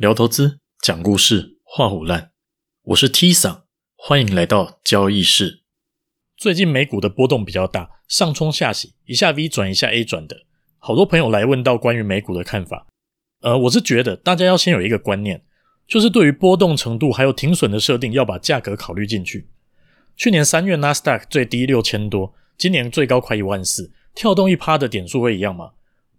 聊投資，講故事，話虎爛。我是 T 桑，歡迎來到交易室。最近美股的波動比較大，上沖下洗，一下 V 轉一下 A 轉的，好多朋友來問到關於美股的看法。呃，我是覺得大家要先有一個觀念，就是對於波動程度還有停損的設定，要把價格考慮進去。去年三月 Nasdaq 最低六千多，今年最高快一萬四，跳動一趴的點數會一樣嗎？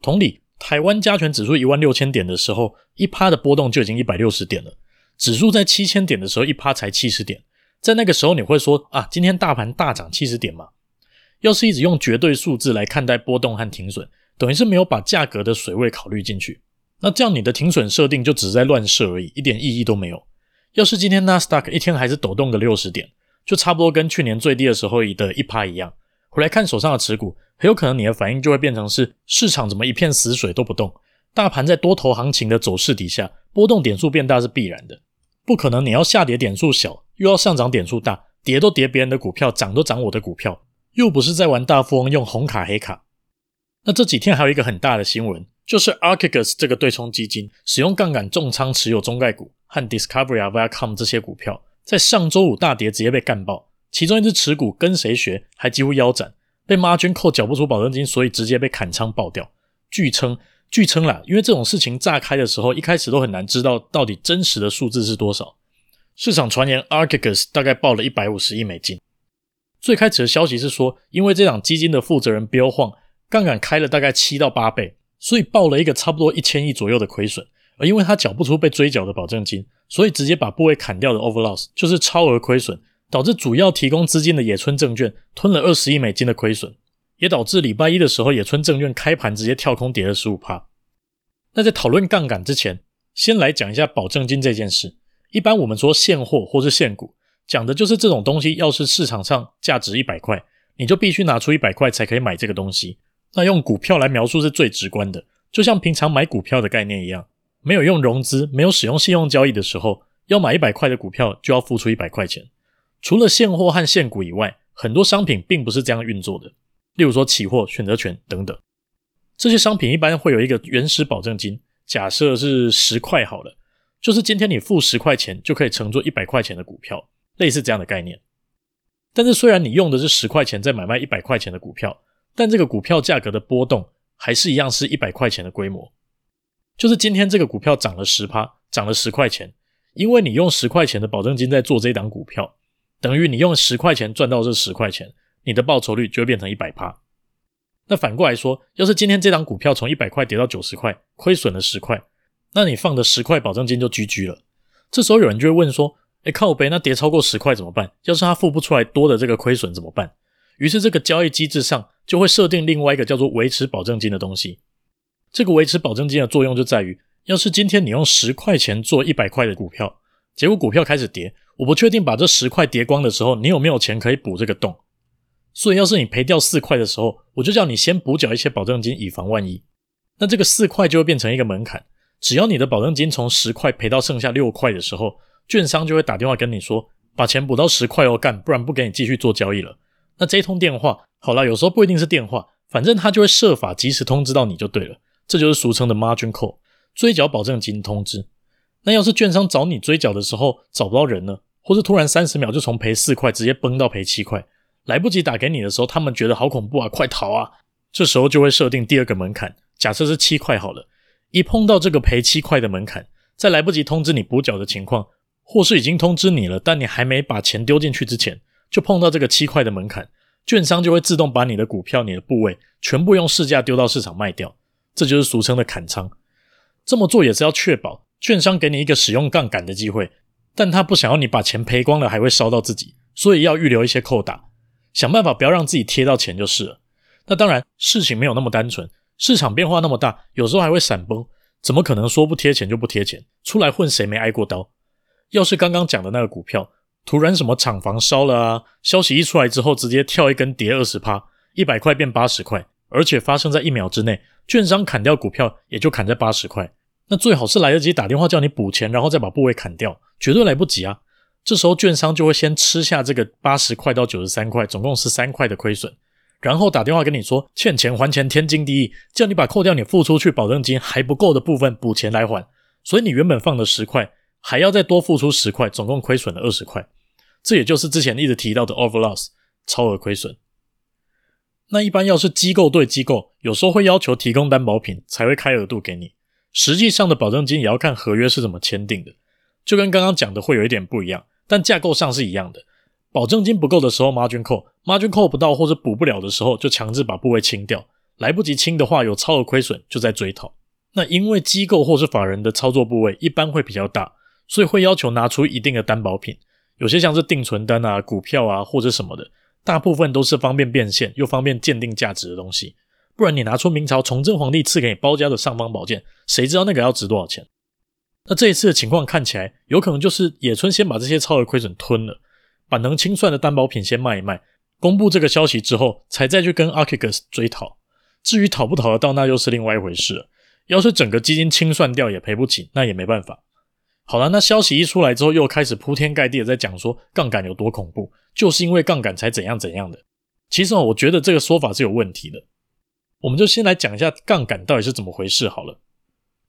同理。台灣加權指數一萬六千點的時候，一趴的波動就已經一百六十點了。指數在七千點的時候，一趴才七十點。在那個時候，你會說啊，今天大盤大漲七十點嗎？要是一直用絕對數字來看待波動和停損，等於是沒有把價格的水位考慮進去。那這樣你的停損設定就只是在亂設而已，一點意義都沒有。要是今天 NASDAQ 一天還是抖動個六十點，就差不多跟去年最低的時候的一趴一樣。回來看手上的持股，很有可能你的反應就會變成是市場怎麼一片死水都不動？大盤在多頭行情的走勢底下，波動點數變大是必然的，不可能你要下跌點數小，又要上漲點數大，跌都跌別人的股票，漲都漲我的股票，又不是在玩大富翁用紅卡黑卡。那這幾天還有一個很大的新聞，就是 Archegos 這個對沖基金使用槓桿重倉持有中概股和 Discovery、Viacom 這些股票，在上周五大跌直接被幹爆。其中一隻持股跟誰學，還幾乎腰斬，被 margin call 繳不出保證金，所以直接被砍倉爆掉。據稱，據稱啦，因為這種事情炸開的時候，一開始都很難知道到底真實的數字是多少。市場傳言，Archegos 大概爆了一百五十億美金。最開始的消息是說，因為這檔基金的負責人 Bill Hwang 槓桿開了大概七到八倍，所以爆了一個差不多一千億左右的虧損。而因為他繳不出被追繳的保證金，所以直接把部位砍掉的 overloss，就是超額虧損。導致主要提供資金的野村證券吞了二十億美金的虧損，也導致禮拜一的時候野村證券開盤直接跳空跌了十五趴。那在討論槓桿之前，先來講一下保證金這件事。一般我們說現貨或是現股，講的就是這種東西。要是市場上價值一百塊，你就必須拿出一百塊才可以買這個東西。那用股票來描述是最直觀的，就像平常買股票的概念一樣。沒有用融資，沒有使用信用交易的時候，要買一百塊的股票，就要付出一百塊錢。除了現貨和現股以外，很多商品並不是這樣運作的。例如說，期貨、選擇權等等，這些商品一般會有一個原始保證金，假設是十塊好了，就是今天你付十塊錢就可以承做一百塊錢的股票，類似這樣的概念。但是，雖然你用的是十塊錢在買賣一百塊錢的股票，但這個股票價格的波動還是一樣是一百塊錢的規模。就是今天這個股票漲了十趴，漲了十塊錢，因為你用十塊錢的保證金在做這一檔股票。等於你用十塊錢賺到這十塊錢，你的報酬率就會變成一百趴。那反過來說，要是今天這檔股票從一百塊跌到九十塊，虧損了十塊，那你放的十塊保證金就 GG 了。這時候有人就會問說，誒，靠北，那跌超過十塊怎麼辦？要是他付不出來多的這個虧損怎麼辦？於是這個交易機制上就會設定另外一個叫做維持保證金的東西。這個維持保證金的作用就在於，要是今天你用十塊錢做一百塊的股票，結果股票開始跌。我不確定把這十塊跌光的時候，你有沒有錢可以補這個洞。所以要是你賠掉四塊的時候，我就叫你先補繳一些保證金，以防萬一。那這個四塊就會變成一個門檻。只要你的保證金從十塊賠到剩下六塊的時候，券商就會打電話跟你說，把錢補到十塊哦，幹，不然不給你繼續做交易了。那這一通電話，好啦，有時候不一定是電話，反正他就會設法及時通知到你就對了。這就是俗稱的 margin call，追繳保證金通知。那要是券商找你追繳的時候找不到人呢？或是突然三十秒就從賠四塊直接崩到賠七塊，來不及打給你的時候，他們覺得好恐怖啊，快逃啊！這時候就會設定第二個門檻，假設是七塊好了。一碰到這個賠七塊的門檻，在來不及通知你補繳的情況，或是已經通知你了但你還沒把錢丟進去之前，就碰到這個七塊的門檻，券商就會自動把你的股票、你的部位全部用市價丟到市場賣掉。這就是俗稱的砍倉。這麼做也是要確保券商給你一個使用槓桿的機會。但他不想要你把錢賠光了，還會燒到自己，所以要預留一些扣打，想辦法不要讓自己貼到錢就是了。那當然，事情沒有那麼單純，市場變化那麼大，有時候還會閃崩，怎麼可能說不貼錢就不貼錢？出來混，誰沒挨過刀？要是剛剛講的那個股票，突然什麼廠房燒了啊，消息一出來之後，直接跳一根跌二十趴，一百塊變八十塊，而且發生在一秒之內，券商砍掉股票也就砍在八十塊。那最好是來得及打電話叫你補錢，然後再把部位砍掉，絕對來不及啊！這時候券商就會先吃下這個八十塊到九十三塊，總共十三塊的虧損，然後打電話跟你說，欠錢還錢天經地義，叫你把扣掉你付出去保證金還不夠的部分補錢來還，所以你原本放的十塊還要再多付出十塊，總共虧損了二十塊。這也就是之前一直提到的 overloss 超額虧損。那一般要是機構對機構，有時候會要求提供擔保品才會開額度給你。實際上的保證金也要看合約是怎麼簽訂的，就跟剛剛講的會有一點不一樣，但架構上是一樣的。保證金不夠的時候，margin call，margin call 不到或者補不了的時候，就強制把部位清掉。來不及清的話，有超額虧損，就再追討。那因為機構或是法人的操作部位一般會比較大，所以會要求拿出一定的擔保品。有些像是定存單啊、股票啊或者什麼的，大部分都是方便變現又方便鑑定價值的東西。不然你拿出明朝崇禎皇帝賜給你包家的尚方寶劍，誰知道那個要值多少錢？那這一次的情況看起來有可能就是野村先把這些超額虧損吞了，把能清算的擔保品先賣一賣，公布這個消息之後，才再去跟 Archegos 追討。至於討不討得到，那又是另外一回事了。要是整個基金清算掉也賠不起，那也沒辦法。好了，那消息一出來之後，又開始鋪天蓋地的在講說槓桿有多恐怖，就是因為槓桿才怎樣怎樣的。其實啊，我覺得這個說法是有問題的。我們就先來講一下槓桿到底是怎麼回事好了。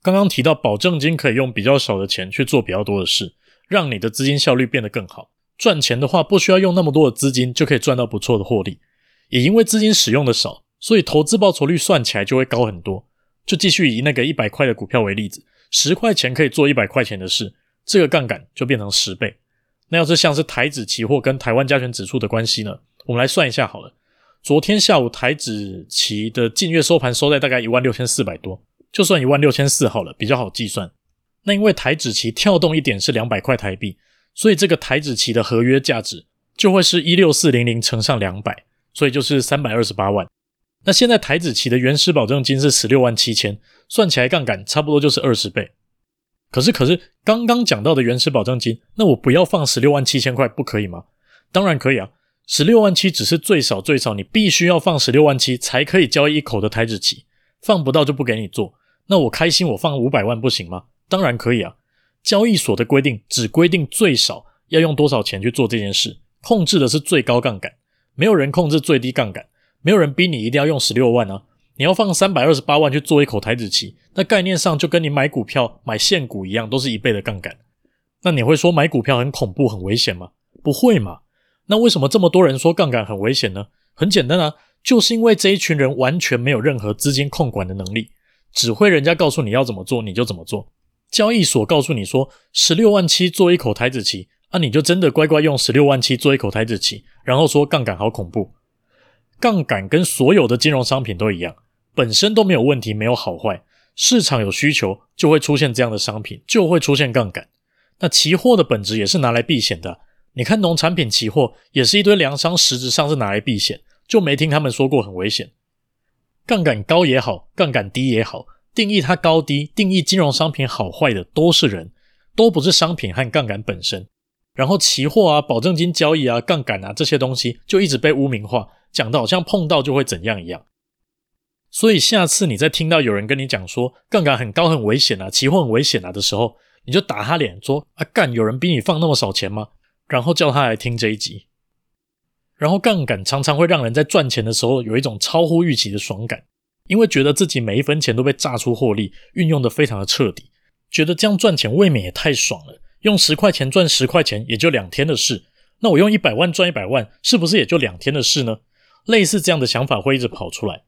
剛剛提到保證金可以用比較少的錢去做比較多的事，讓你的資金效率變得更好。賺錢的話不需要用那麼多的資金就可以賺到不錯的獲利，也因為資金使用的少，所以投資報酬率算起來就會高很多。就繼續以那個一百塊的股票為例子，十塊錢可以做一百塊錢的事，這個槓桿就變成十倍。那要是像是台指期貨跟台灣加權指數的關係呢？我們來算一下好了。昨天下午台指期的近月收盤收在大概一萬六千四百多，就算一萬六千四好了，比較好計算。那因為台指期跳動一點是兩百塊台幣，所以這個台指期的合約價值就會是一六四零零乘上兩百，所以就是三百二十八萬。那現在台指期的原始保證金是十六萬七千，算起來槓桿差不多就是二十倍。可是，可是剛剛講到的原始保證金，那我不要放十六萬七千塊不可以嗎？當然可以啊。十六萬七只是最少最少，你必須要放十六萬七才可以交易一口的台指期，放不到就不給你做。那我開心，我放五百萬不行嗎？當然可以啊！交易所的規定只規定最少要用多少錢去做這件事，控制的是最高槓桿，沒有人控制最低槓桿，沒有人逼你一定要用十六萬啊！你要放三百二十八萬去做一口台指期，那概念上就跟你買股票買現股一樣，都是一倍的槓桿。那你會說買股票很恐怖很危險嗎？不會嘛！那為什麼這麼多人說槓桿很危險呢？很簡單啊，就是因為這一群人完全沒有任何資金控管的能力，只會人家告訴你要怎麼做你就怎麼做。交易所告訴你說十六萬七做一口台指期，啊你就真的乖乖用十六萬七做一口台指期，然後說槓桿好恐怖。槓桿跟所有的金融商品都一樣，本身都沒有問題，沒有好壞，市場有需求就會出現這樣的商品，就會出現槓桿。那期貨的本質也是拿來避險的，啊。你看農產品期貨也是一堆糧商，實質上是拿來避險，就沒聽他們說過很危險。槓桿高也好，槓桿低也好，定義它高低、定義金融商品好壞的都是人，都不是商品和槓桿本身。然後期貨啊、保證金交易啊、槓桿啊這些東西，就一直被污名化，講得好像碰到就會怎樣一樣。所以下次你再聽到有人跟你講說槓桿很高很危險啊，期貨很危險啊的時候，你就打他臉說啊幹，有人逼你放那麼少錢嗎？然後叫他來聽這一集。然後槓桿常常會讓人在賺錢的時候有一種超乎預期的爽感，因為覺得自己每一分錢都被榨出獲利，運用得非常的徹底，覺得這樣賺錢未免也太爽了。用十塊錢賺十塊錢，也就兩天的事。那我用一百萬賺一百萬，是不是也就兩天的事呢？類似這樣的想法會一直跑出來。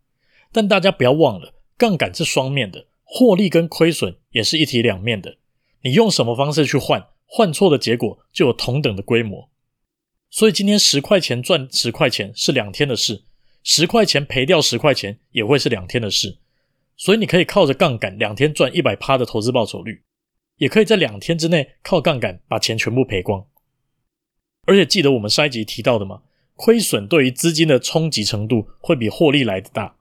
但大家不要忘了，槓桿是雙面的，獲利跟虧損也是一體兩面的。你用什麼方式去換？換錯的結果就有同等的規模，所以今天十塊錢賺十塊錢是兩天的事，十塊錢賠掉十塊錢也會是兩天的事。所以你可以靠着槓桿兩天賺一百趴的投資報酬率，也可以在兩天之內靠槓桿把錢全部賠光。而且記得我們上一集提到的嘛，虧損對於資金的衝擊程度會比獲利來得大，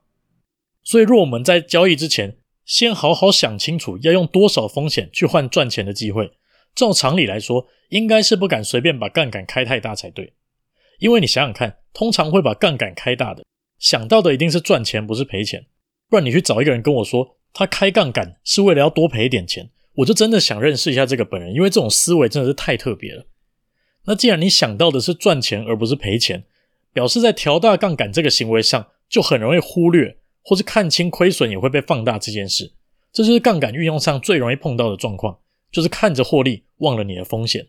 所以若我們在交易之前先好好想清楚要用多少風險去換賺錢的機會。照常理來說，應該是不敢隨便把槓桿開太大才對，因為你想想看，通常會把槓桿開大的，想到的一定是賺錢，不是賠錢。不然你去找一個人跟我說，他開槓桿是為了要多賠一點錢，我就真的想認識一下這個本人，因為這種思維真的是太特別了。那既然你想到的是賺錢，而不是賠錢，表示在調大槓桿這個行為上，就很容易忽略，或是看清虧損也會被放大這件事。這就是槓桿運用上最容易碰到的狀況。就是看着獲利，忘了你的風險。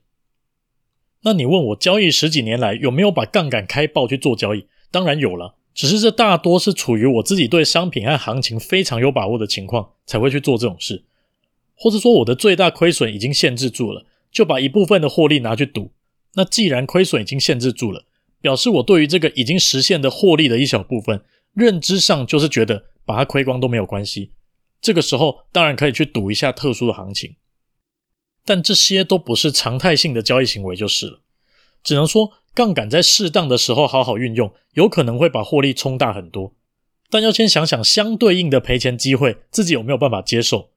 那你問我交易十幾年來有沒有把槓桿開爆去做交易？當然有了，只是這大多是處於我自己對商品和行情非常有把握的情況才會去做這種事，或是說我的最大虧損已經限制住了，就把一部分的獲利拿去賭。那既然虧損已經限制住了，表示我對於這個已經實現的獲利的一小部分，認知上就是覺得把它虧光都沒有關係。這個時候當然可以去賭一下特殊的行情。但這些都不是常態性的交易行為，就是了。只能說，槓桿在適當的時候好好運用，有可能會把獲利沖大很多。但要先想想相對應的賠錢機會，自己有沒有辦法接受？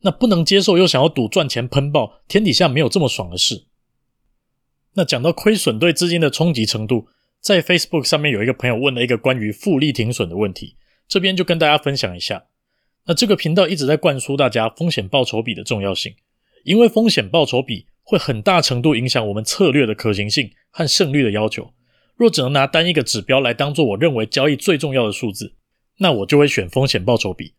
那不能接受又想要賭賺錢噴爆，天底下沒有這麼爽的事。那講到虧損對資金的衝擊程度，在 Facebook 上面有一個朋友問了一個關於複利停損的問題，這邊就跟大家分享一下。那這個頻道一直在灌輸大家風險報酬比的重要性。因為風險報酬比會很大程度影響我們策略的可行性和勝率的要求。若只能拿單一個指標來當做我認為交易最重要的數字，那我就會選風險報酬比。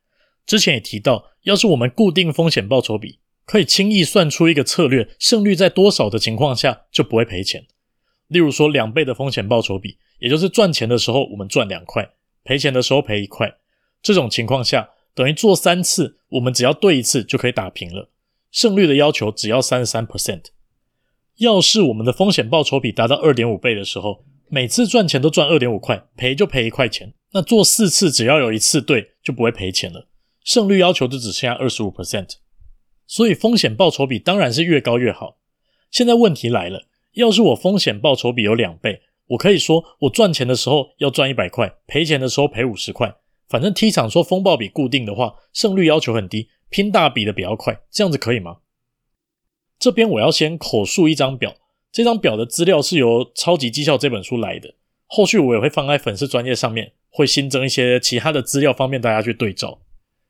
之前也提到，要是我們固定風險報酬比，可以輕易算出一個策略勝率在多少的情況下就不會賠錢。例如說兩倍的風險報酬比，也就是賺錢的時候我們賺兩塊，賠錢的時候賠一塊。這種情況下，等於做三次，我們只要對一次就可以打平了。勝率的要求只要三十三 percent，要是我們的風險報酬比達到二點五倍的時候，每次賺錢都賺二點五塊，賠就賠一塊錢，那做四次只要有一次對，就不會賠錢了。勝率要求就只剩下二十五 percent，所以風險報酬比當然是越高越好。現在問題來了，要是我風險報酬比有兩倍，我可以說我賺錢的時候要賺一百塊，賠錢的時候賠五十塊，反正 T 廠說風暴比固定的話，勝率要求很低。拼大筆的比較快，這樣子可以嗎？這邊我要先口述一張表，這張表的資料是由《超級績效》這本書來的，後續我也會放在粉絲專頁上面，會新增一些其他的資料，方便大家去對照。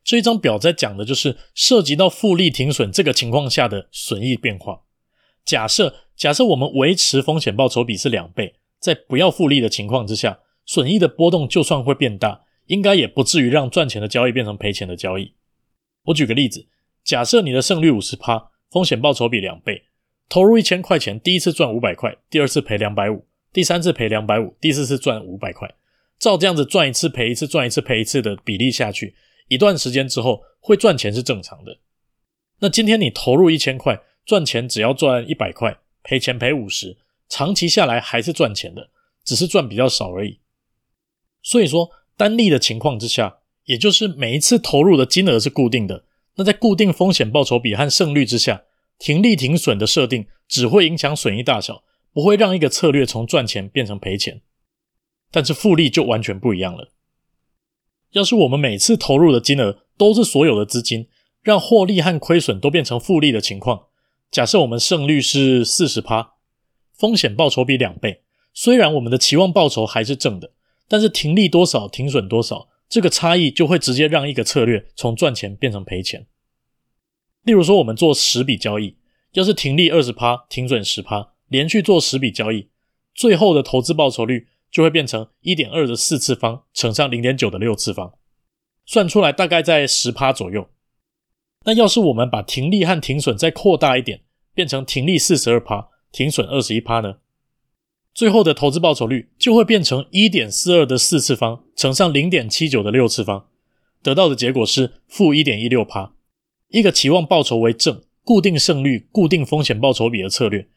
這一張表在講的就是涉及到複利停損這個情況下的損益變化。假設，假設我們維持風險報酬比是兩倍，在不要複利的情況之下，損益的波動就算會變大，應該也不至於讓賺錢的交易變成賠錢的交易。我舉個例子，假設你的勝率五十趴，風險報酬比兩倍，投入一千塊錢，第一次賺五百塊，第二次賠兩百五，第三次賠兩百五，第四次賺五百塊。照這樣子賺一次賠一次賺一次賠一次的比例下去，一段時間之後會賺錢是正常的。那今天你投入一千塊，賺錢只要賺一百塊，賠錢賠五十，長期下來還是賺錢的，只是賺比較少而已。所以說單利的情況之下。也就是每一次投入的金額是固定的，那在固定風險報酬比和勝率之下，停利停損的設定只會影響損益大小，不會讓一個策略從賺錢變成賠錢。但是複利就完全不一樣了。要是我們每次投入的金額都是所有的資金，讓獲利和虧損都變成複利的情況，假設我們勝率是四十趴，風險報酬比兩倍，雖然我們的期望報酬還是正的，但是停利多少，停損多少，這個差異就會直接讓一個策略從賺錢變成賠錢。例如說，我們做十筆交易，要是停利二十趴，停損十趴，連續做十筆交易，最後的投資報酬率就會變成一點二的四次方乘上零點九的六次方，算出來大概在十趴左右。那要是我們把停利和停損再擴大一點，變成停利四十二趴，停損二十一趴呢？最後的投資報酬率就會變成一點四二的四次方乘上零點七九的六次方，得到的結果是負一點一六趴。一個期望報酬為正、固定勝率、固定風險報酬比的策略，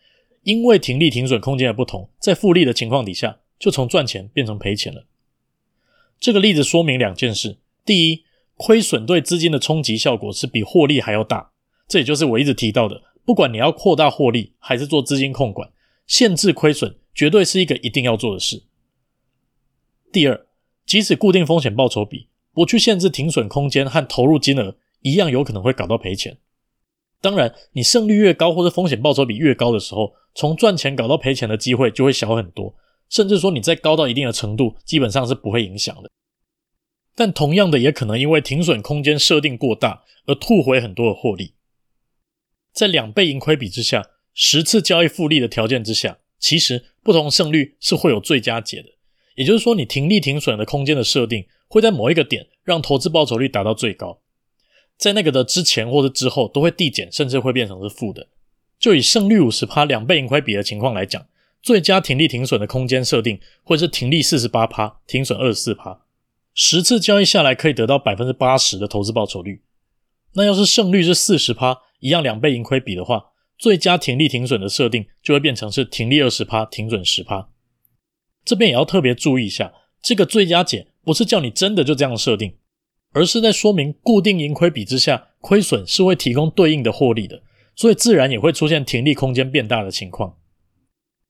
因為停利停損空間的不同，在複利的情況底下，就從賺錢變成賠錢了。這個例子說明兩件事：第一，虧損對資金的衝擊效果是比獲利還要大。這也就是我一直提到的，不管你要擴大獲利，還是做資金控管、限制虧損。絕對是一個一定要做的事。第二，即使固定風險報酬比，不去限制停損空間和投入金額，一樣有可能會搞到賠錢。當然，你勝率越高或者風險報酬比越高的時候，從賺錢搞到賠錢的機會就會小很多，甚至說你再高到一定的程度，基本上是不會影響的。但同樣的，也可能因為停損空間設定過大而吐回很多的獲利。在兩倍盈虧比之下，十次交易複利的條件之下，其實不同的勝率是會有最佳解的，也就是說，你停利停損的空間的設定會在某一個點讓投資報酬率達到最高，在那個的之前或者之後都會遞減，甚至會變成是負的。就以勝率五十趴兩倍盈虧比的情況來講，最佳停利停損的空間設定會是停利四十八趴，停損二十四趴，十次交易下來可以得到百分之八十的投資報酬率。那要是勝率是四十趴，一樣兩倍盈虧比的話，最佳停利停損的設定就會變成是停利二十趴，停損十趴。這邊也要特別注意一下，這個最佳解不是叫你真的就這樣設定，而是在說明固定盈虧比之下，虧損是會提供對應的獲利的，所以自然也會出現停利空間變大的情況。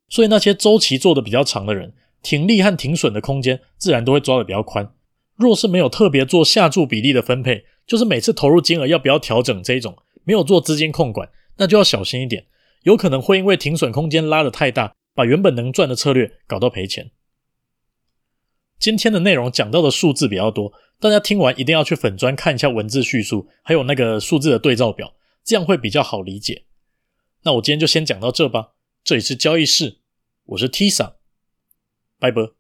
所以那些周期做的比較長的人，停利和停損的空間自然都會抓得比較寬。若是沒有特別做下注比例的分配，就是每次投入金額要不要調整這一種，沒有做資金控管。那就要小心一點，有可能會因為停損空間拉得太大，把原本能賺的策略搞到賠錢。今天的內容講到的數字比較多，大家聽完一定要去粉專看一下文字敘述，還有那個數字的對照表，這樣會比較好理解。那我今天就先講到這吧，這裡是交易事，我是 Tisa，拜拜。